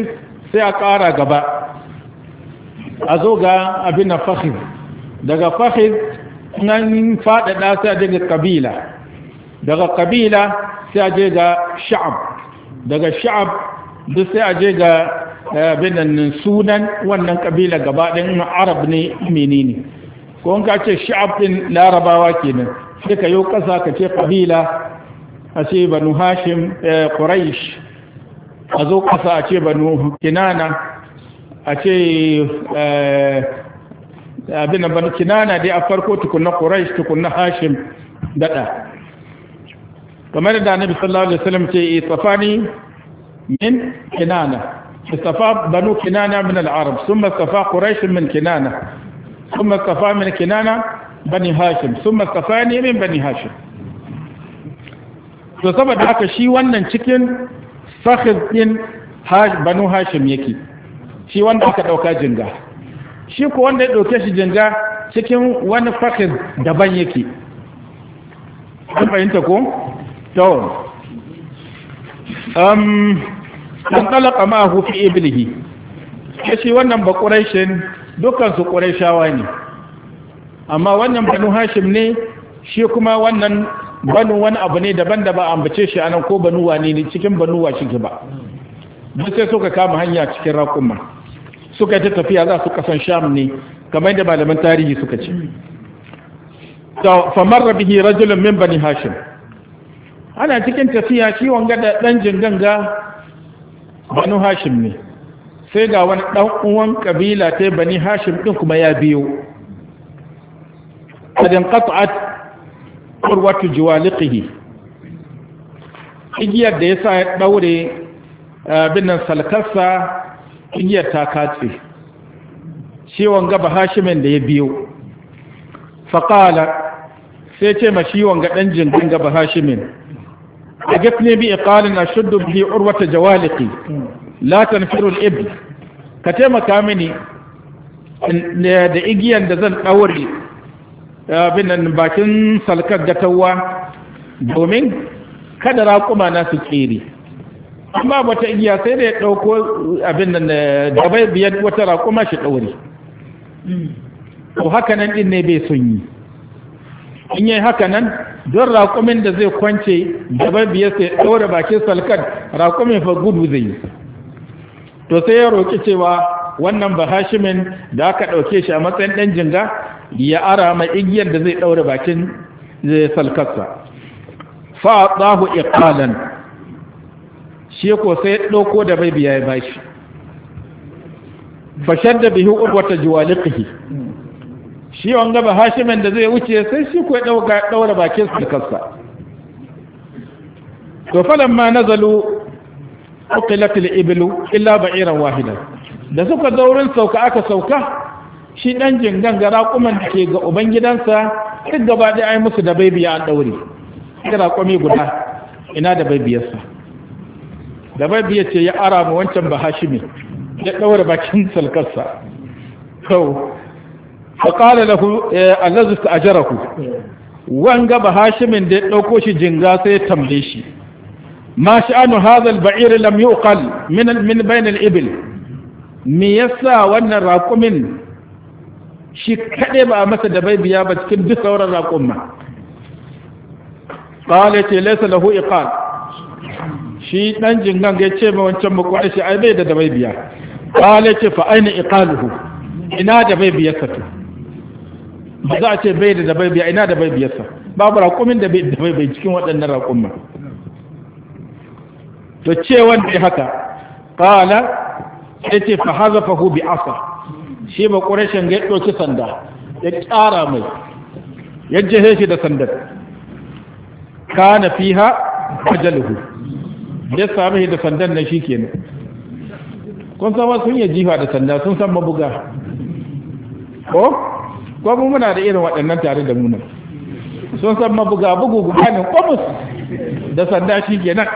sai a ƙara gaba a zo ga abin na fahim daga fahim nan faɗaɗa sai a je ga ƙabila daga ƙabila sai a je ga sha'ab daga sha'ab duk sai a je ga eh, abin nan sunan wannan ƙabila gabaɗin arab ne ne. ko in ka ce sha'ab ɗin larabawa kenan sai ka yi ƙasa ka ce ƙabila a ce banu hashim ƙuraish eh, a zo ƙasa a ce banu kinana a ce eh, abin da ban kinana dai a farko tukunna quraish tukunna hashim dada kamar da annabi sallallahu alaihi wasallam ce safani min kinana banu kinana min من العرب ثم استفى قريش من كنانة ثم استفى من كنانة بني هاشم ثم استفاني min bani hashim. to saboda haka shi wannan cikin sakhid din banu hashim yake shi wanda aka ɗauka jinga shi ko wanda ya ɗauke shi jinga cikin wani fakir daban yake an fahimta ko? to um an talaka ma fi iblihi shi wannan ba dukkan dukansu quraishawa ne amma wannan banu hashim ne shi kuma wannan banu wani abu ne daban da ba ambace shi anan ko wani ne cikin wa shi ba mun sai suka kama hanya cikin raƙumma suka ta tafiya za su kasan sham ne kamar da malaman tarihi suka ce famar rabihi rajulun min bani hashim ana cikin tafiya shi wanga da dan jinganga banu hashim ne sai ga wani ɗan uwan kabila ta bani hashim din kuma ya biyo kadin qat'at qurwatu jiwaliqihi igiyar da yasa ya daure binnan Salkasa. igiyar ta katse ciwon gaba hashimin da ya biyo faƙala sai ce ma ciwon ga ɗan jingin gaba hashimin a gafne bi iqalin ashuddu bi urwata jawaliki la tanfiru al ka taimaka mini da igiyan da zan ɗaure nan bakin salkar gatawa domin kada raƙuma na su tsere an ba wata igiya sai da ya ɗauko abin da eh, dabai biyar wata raƙuma shi ɗaure to haka nan ɗin ne bai son yi in yi haka nan don raƙumin da zai kwance dabai biyar sai ɗaure bakin salkar raƙumin fa gudu zai yi to sai ya roƙi cewa wannan bahashimin da aka ɗauke shi a matsayin ɗan jinga ya ara mai igiyar da zai ɗaure bakin eh, salkarsa fa tsahu iqalan shi ko sai ɗauko da bai biya ya bashi bashar da bihi urwata juwaliqihi shi wanga ba hashimin da zai wuce sai shi ko ya ɗaura bakin su da kansa to ma nazalu uqilat al-iblu illa ba'iran wahidan da suka daurin sauka aka sauka shi dan jingan ga raƙuman da ke ga gidansa duk gaba da ai musu da baibiya an daure da raƙumi guda ina da baibiyarsa da babi ya ce ya ara mu wancan ba hashimi ya ɗaura bakin salkarsa sau fa ƙara lahu eh, allazu ta wanga ba hashimin da ya ɗauko shi jinga sai ya tambaye shi ma sha'anu hadha al-ba'ir lam yuqal min min bayn al-ibil me yasa wannan raƙumin shi kaɗai ba a masa da bai biya ba cikin duk sauran raƙumma qala ce laysa lahu iqal shi dan jingan ga ce ma wancan mukwaishi ai bai da dabai biya qala ce fa aini iqaluhu ina da bai biya to ba za a ce bai da dabai biya ina da bai biyarsa babu raƙumin da bai da bai bai cikin waɗannan raƙumin to ce wanda haka qala sai ce fa hu bi asa shi ba quraishin ga doki sanda ya ƙara mai ya jehe shi da sandar kana fiha ajaluhu ya sami da sandan na shi kenan kun san wasu sun yi jifa da sanda sun san mabuga ko ko mu muna da irin waɗannan tare da mu sun san mabuga bugu gudanin kwamus da sanda shi kenan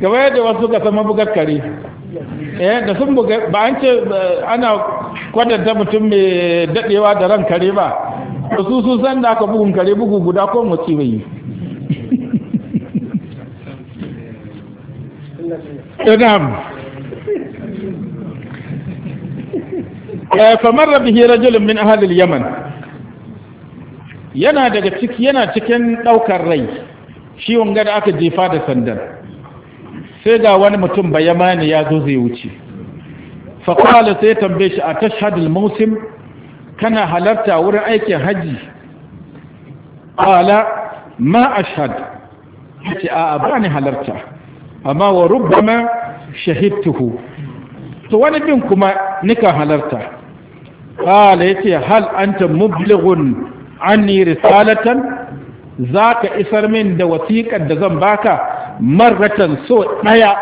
gaba (laughs) yadda wasu suka san mabugar kare eh da sun buga ba an ce eh, ana kwatanta mutum mai dadewa da ran kare ba su sun san da aka bugun kare bugu guda ko mutsi bai yi نعم فمر به رجل من yaman yana daga ciki yana cikin daukar rai shi wanga da aka jefa da sandan sai ga wani mutum ba yamani ya zo zai wuce qala sai tambaye shi a tashhadul musim kana halarta wurin aikin hajji qala ma ashhad yace a'a bani halarta amma wa rubbama shahidtuhu to wani bin kuma nika halarta qala yace hal anta mublighun anni risalatan zaka isar min da wasiƙar da zan baka marratan so daya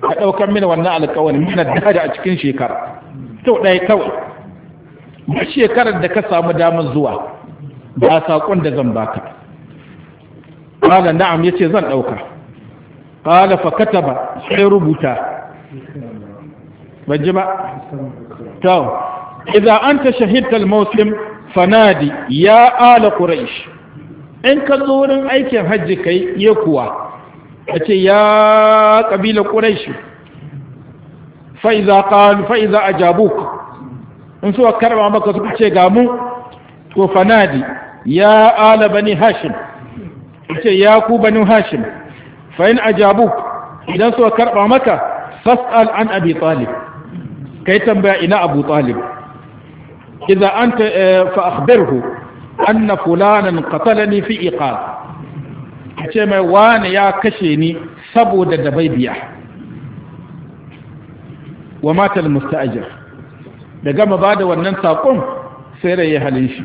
ka daukar min wannan alƙawarin min da a cikin shekara to daya kawai ba shekarar da ka samu damar zuwa ba saƙon da zan baka qala na'am yace zan dauka Kala fa kataba sai rubuta ban ji ba to idza anta shahidta al-mawsim fanadi ya ala quraish in ka zo wurin aikin hajji kai ya kuwa yace ya kabila quraish fa idza qalu in suka karba maka suka ce ga mu to fanadi ya ala bani hashim yace ya ku banu hashim fa a ajabu idan suka karba maka fas'al an abi talib kai tambaya ina abu talib Iza an eh, fa akhbirhu anna fulanan qatalani fi A ce mai wani ya kashe ni saboda biya wa mata almusta'jir da gama bada wannan sakon sai rai ya halin shi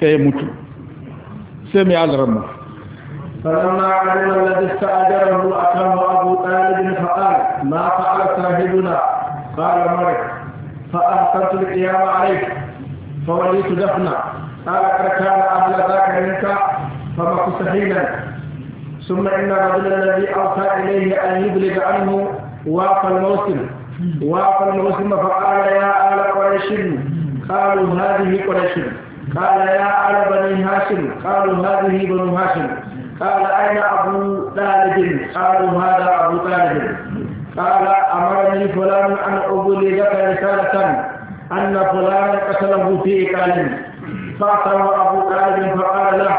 sai ya mutu sai mai alarma فلما علم الذي استأجره أتاه أبو طالب فقال ما فعل صاحبنا قال مرض فأحسنت القيام عليك فوليت دفنا قال فكان كان أهل ذاك منك فمكث حينا ثم إن الرجل الذي أوصى إليه أن يبلغ عنه واقى الموسم واقى الموسم فقال يا آل قريش قالوا هذه قريش قال يا آل بني هاشم قالوا هذه بنو هاشم قال أين أبو طالب قالوا هذا أبو طالب قال أمرني فلان أن أبلغك رسالة أن فلان قتله في قال فأتى أبو طالب فقال له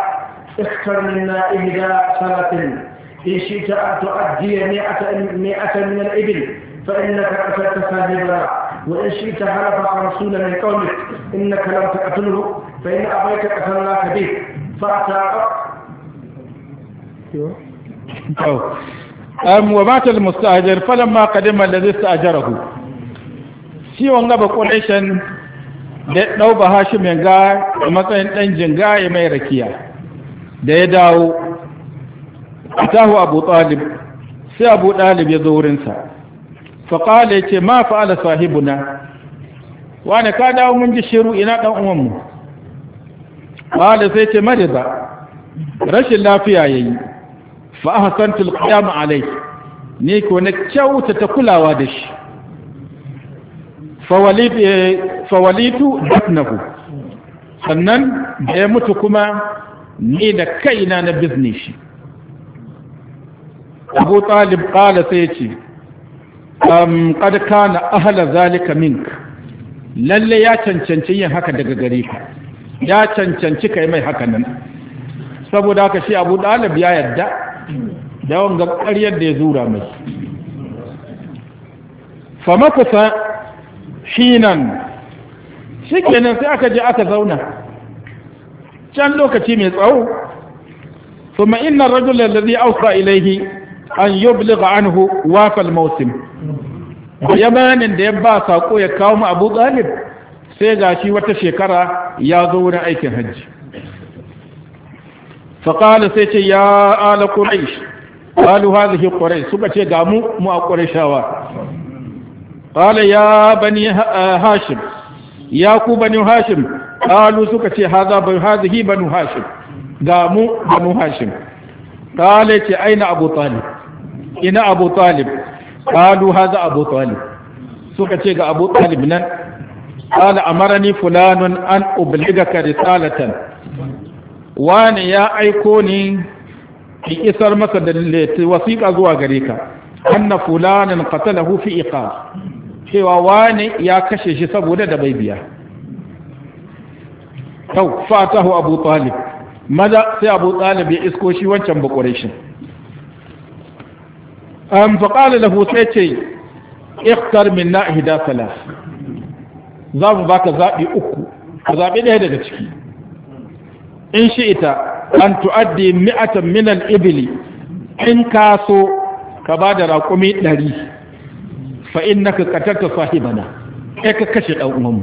اختر منا إهداء سنة إن شئت أن تؤدي مئة, مئة من الإبل فإنك قتلت صاحبها وإن شئت هلف خمسون من قومك إنك لم تقتله فإن أبيت قتلناك به فأتى wa batal musta'ajar falan ma kadima da zai sta'ajarahu shi wanga ba ƙwarashen da ya ɗau ba hashim a matsayin ɗan jinga ya mai rakiya da ya dawo a abu ɗalib sai abu ɗalib ya zo wurinsa faƙala ya ce ma fa'ala sahibuna wani ka dawo mun ji shiru ina ɗan uwanmu ƙala sai ce mare rashin lafiya ya yi fa ahsantu alqiyam alayhi ni ko na kyauta ta kulawa da shi eh, fa walitu dafnahu sannan da ya mutu kuma ni da kaina na bizni shi abu talib kala sai ce kad kana ahla zalika mink lalle ya cancanci yin haka daga gare ka ya cancanci kai mai haka nan saboda haka shi abu talib ya yarda. yawan ga ƙaryar da ya zura mai fama kusa shi kenan sai aka je aka zauna can lokaci mai tsawo ثم إن ilaihi الذي أوصى an أن يبلغ عنه وافى ya bayanin da ya ba sako ya kawo mu Abu Talib sai gashi wata shekara ya zo wurin aikin hajji faƙala sai ce ya ala ƙuraish ƙalu hazihi ƙurai suka ce ga mu mu a ƙuraishawa ƙala ya bani eh, hashim ya ku bani hashim ƙalu suka ce hazihi bani hashim ga mu hashim ƙala ce aina abu ina abu talib haza abu suka ce ga abu nan ƙala amarani fulanun an ubligaka risalatan wani ya aiko ni in isar masa da wasiƙa zuwa gare ka anna fulanin qatalahu fi iqa cewa wani ya kashe shi saboda da bai biya tau fatahu abu talib maza sai abu talib ya isko shi wancan bukurishin an faƙali da ce ikhtar min na ihda salas za mu baka zaɓi uku ka zaɓi ɗaya daga ciki in shi'ita an tu'addi mi'atan min al-ibli in ka so ka ba da raƙumi ɗari fa innaka qatata sahibana kai ka kashe dan uwan mu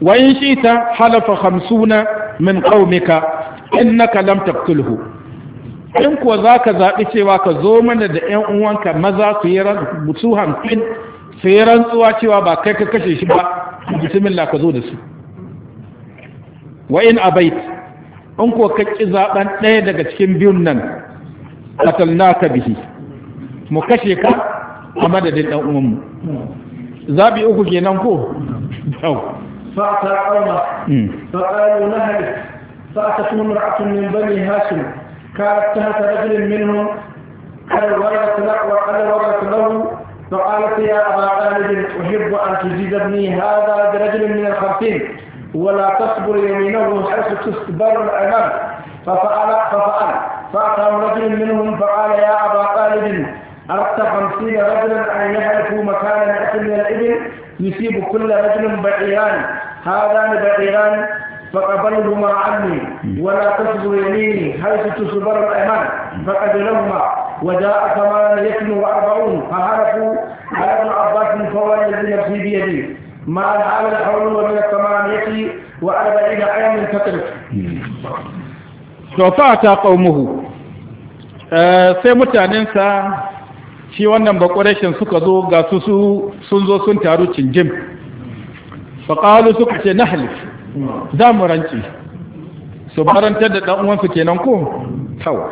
wa in shi'ita halafa 50 min qaumika innaka lam taqtulhu in kuwa za ka zaɓi cewa ka zo mana da 'yan uwanka maza su yi rantsuwa cewa ba kai ka kashe shi ba bismillah ka zo da su wa a abait in ko ka ƙi zaɓen ɗaya daga cikin biyun nan ƙatalna ka bihi mu kashe ka a madadin ɗan umarmu zaɓi uku ke nan ko yau fa'ata ƙauna hmm. fa'ayu na hali fa'ata kuma mura'atun min bani hashim kayar ta hata rajulin minhu kayar wani tilakwa alawar da tilawu فقالت يا أبا طالب أحب أن تجيب ابني هذا برجل من الخمسين ولا تصبر يمينه حيث تستبر الأمام ففعل ففعل فأتى رجل منهم فقال يا أبا طالب أردت خمسين رجلا أن يحلفوا مكان مئة من الإبل يصيب كل رجل بعيران هذان بعيران فقبلهما عني ولا تصبر يميني حيث تصبر الأمان فقبلهما وجاء ثمان يكن وأربعون فهرفوا على ابن عباس فوالذي نفسي بيدي ما نعم الحول من الثمانية وأربعين عام تترك فأتى قومه sai mutanensa shi wannan bakwarashin suka zo ga su sun zo sun taru cinjim faƙalu suka ce na halif za mu ranci su barantar da ɗan'uwansu kenan ko tawa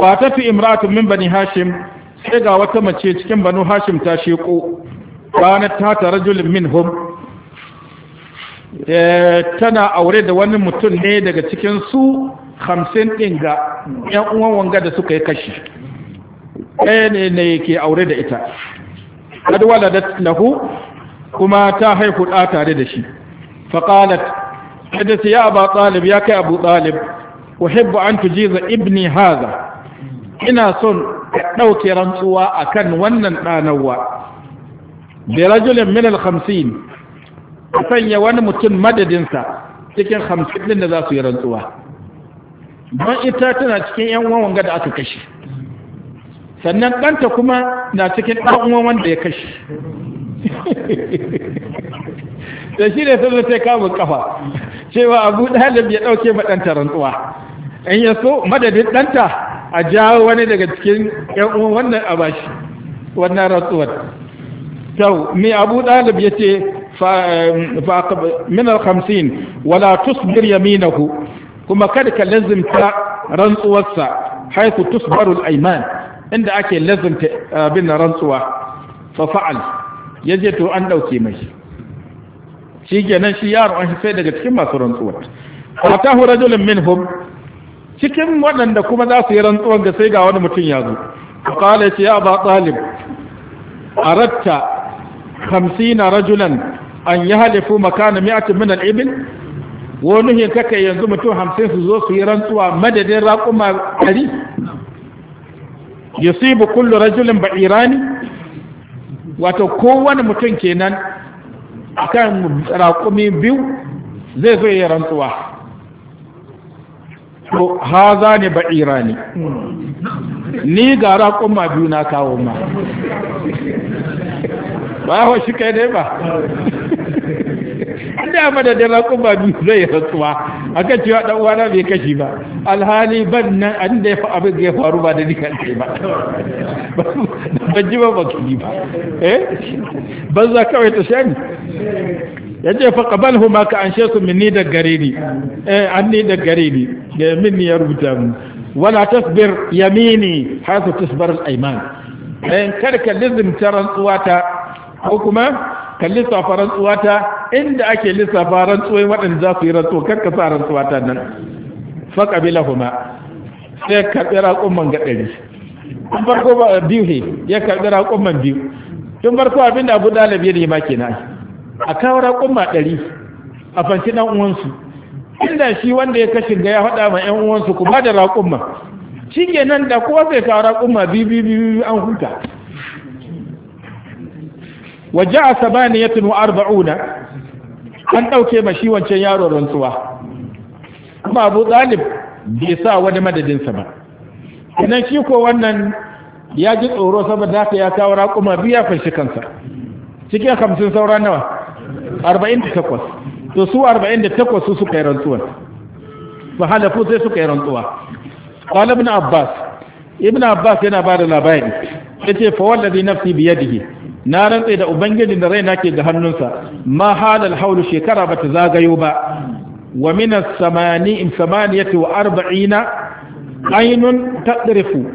ba ta fi imratun min bani hashim sai ga wata mace cikin banu hashim ta sheko ta tata rajulin minhum eh, tana aure da wani mutum ne daga cikin su hamsin ɗin ga ‘yan uwan wanga da suka yi kashi ɗaya ne ne ke aure da ita adwala da lahu kuma ta haihu ɗa tare da shi faƙalat yadda su ya ba ɗalib ya kai abu ɗalib uhibbu an tujiza ibni haza ina son ɗauke rantsuwa akan wannan ɗanawa bi rajulin min al sanya wani mutum madadinsa cikin 50 din da za su yi rantsuwa don ita tana cikin yan uwan wanga da aka kashe sannan ɗanta kuma na cikin ɗan uwan wanda ya kashe da shi ne sun sai kamun kafa cewa abu ɗalib ya ɗauke ma ɗanta rantsuwa in ya so madadin ɗanta a jawo wani daga cikin ‘yan uwan wannan a bashi wannan rantsuwar to me abu dalib ya ce min alhamsin wala tusbir yaminahu kuma kada ka lazimta rantsuwarsa haiku tusbarul aiman inda ake lazimta abin rantsuwa fa fa'al ya je to an ɗauke mai shi kenan shi yaro an sai daga cikin masu rantsuwa atahu min minhum cikin waɗanda kuma za su yi rantsuwan ga sai ga wani mutum ya zo qala ya ce ya ba a ratta. hamsina rajulan an yi halifu makana mi'atin min al'ibil wani hin kaka yanzu mutum hamsin su zo su yi rantsuwa madadin raƙuma ɗari ya sibu kullu rajulin irani wato kowane mutum kenan kan raƙumi biyu zai zo yi rantsuwa to haza ne ba irani ni ga raƙuma biyu na kawo ma ba a shi kai ne ba da madadin ba biyu zai rantsuwa a kan cewa ɗan uwana bai kashi ba alhali ban nan an da ya abin da ya faru ba da ni kan ba ban ji ba ba ki ba eh ban za kawai ta shani ya ce fa qabal huma ka an shesu ni da gare ni eh an ni da gare ni da ni ya rubuta mu wala tasbir yamini hasu tasbar al eh, kada ka rantsuwa ta ko kuma ka lissafa rantsuwa ta inda ake lissafa rantsuwa waɗanda za su yi rantsuwa kar ka sa rantsuwa ta nan fa kabila kuma. sai karɓi raƙumman ga ɗari tun farko ba biyu ne ya karɓi raƙumman biyu tun farko abin da abu dalib ya nema kenan a kawo raƙumma ɗari a fanci ɗan uwansu inda shi wanda ya kashe ga ya faɗa ma ƴan uwansu kuma. ba da raƙumma shi kenan da kowa zai kawo raƙumma biyu biyu biyu an huta wa ja'a sabaniyatun wa arba'una an dauke ma shi wancan yaro rantsuwa kuma Abu Talib bai sa wani madadin sa ba idan shi ko wannan ya ji tsoro saboda haka ya kawo raƙuma biya shi kansa cikin hamsin saura nawa 48 to su 48 su suka yi rantsuwa fa halafu sai suka yi rantsuwa qala ibn abbas ibn abbas yana ba da labari yace fa wallazi nafsi biyadihi na rantse da ubangiji da raina ke ga hannunsa ma halal haulu shekara bata zagayo ba wa min as-samani in samaniyati wa arba'ina ainun tadrifu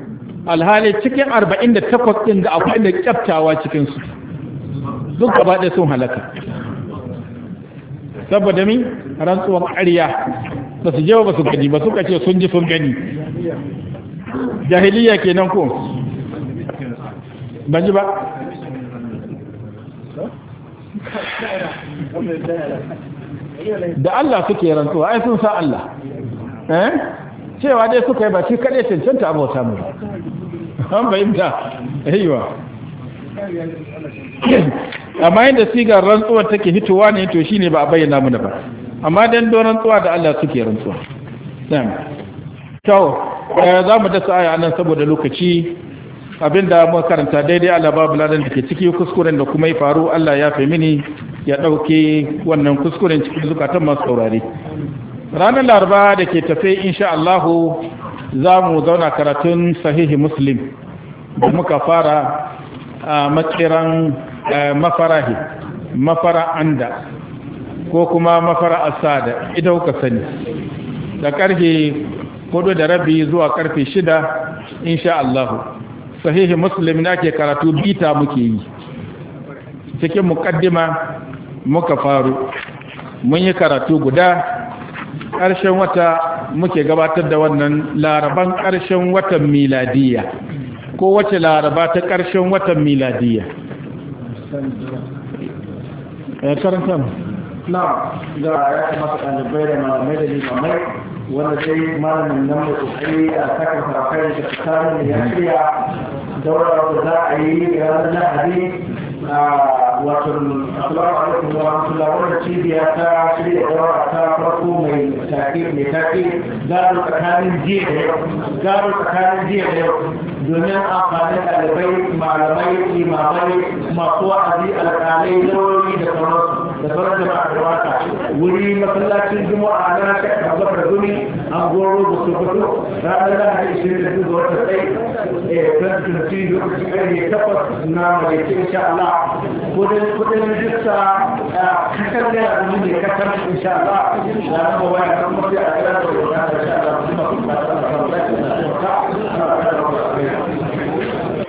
alhali cikin 48 din da akwai da kyaftawa cikin su duk gaba ɗaya sun halaka saboda min rantsuwar ƙarya ba su je ba su gani ba suka ce sun ji sun gani jahiliya kenan ko ban ji ba da Allah suke rantsuwa ai sun sa Allah eh cewa dai suka yi ba shi kaɗai cancanta abota mu an fahimta aiwa amma inda sigar rantsuwar take hitowa ne to shine ba a bayyana mana ba amma dan don rantsuwa da Allah suke rantsuwa dan to eh, za mu dasa aya nan saboda lokaci Abin da muka karanta daidai Allah babu da ke ciki kuskuren da kuma ya faru Allah ya fi mini ya ɗauke wannan kuskuren cikin zukatan masu saurare ranar laraba da ke tafe insha Allahu za mu zauna karatun sahihi muslim da muka fara a matsiran mafarahi mafara anda ko kuma mafara asada idan kuka sani da karfe hudu da rabi zuwa karfe shida insha Allahu sahihi muslim na ke karatu bita muke yi cikin mukaddima muka faru mun yi karatu guda ƙarshen wata muke gabatar da wannan laraban ƙarshen watan miladiya ko wace laraba ta ƙarshen watan miladiya eh, karanta mu na da ya kamata ɗalibai da malamai da limamai wanda dai malamin nan da kokari a saka farafai da tsakanin da ya shirya daura da za a yi ranar lahadi a wato asalamu alaikum wa rahmatullah wanda cibiya ta shirya daura ta farko mai take mai take gado tsakanin jiya da yau gado tsakanin jiya da yau domin amfanin ɗalibai malamai imamai masu wa'azi alƙalai lauyoyi da sauransu da sauran jama'a da waka wuri masallacin juma'a na ta abubakar gumi an goro da sokoto ranar lahadi ishirin da biyu ga watan ɗai eh, twenty lokacin ƙarfe takwas na majalci insha Allah kudin kudin rajista eh, kasar da yanzu ne kasar insha Allah da na mawaya kan mafi a ƙarar da wata insha Allah kuma kuma ta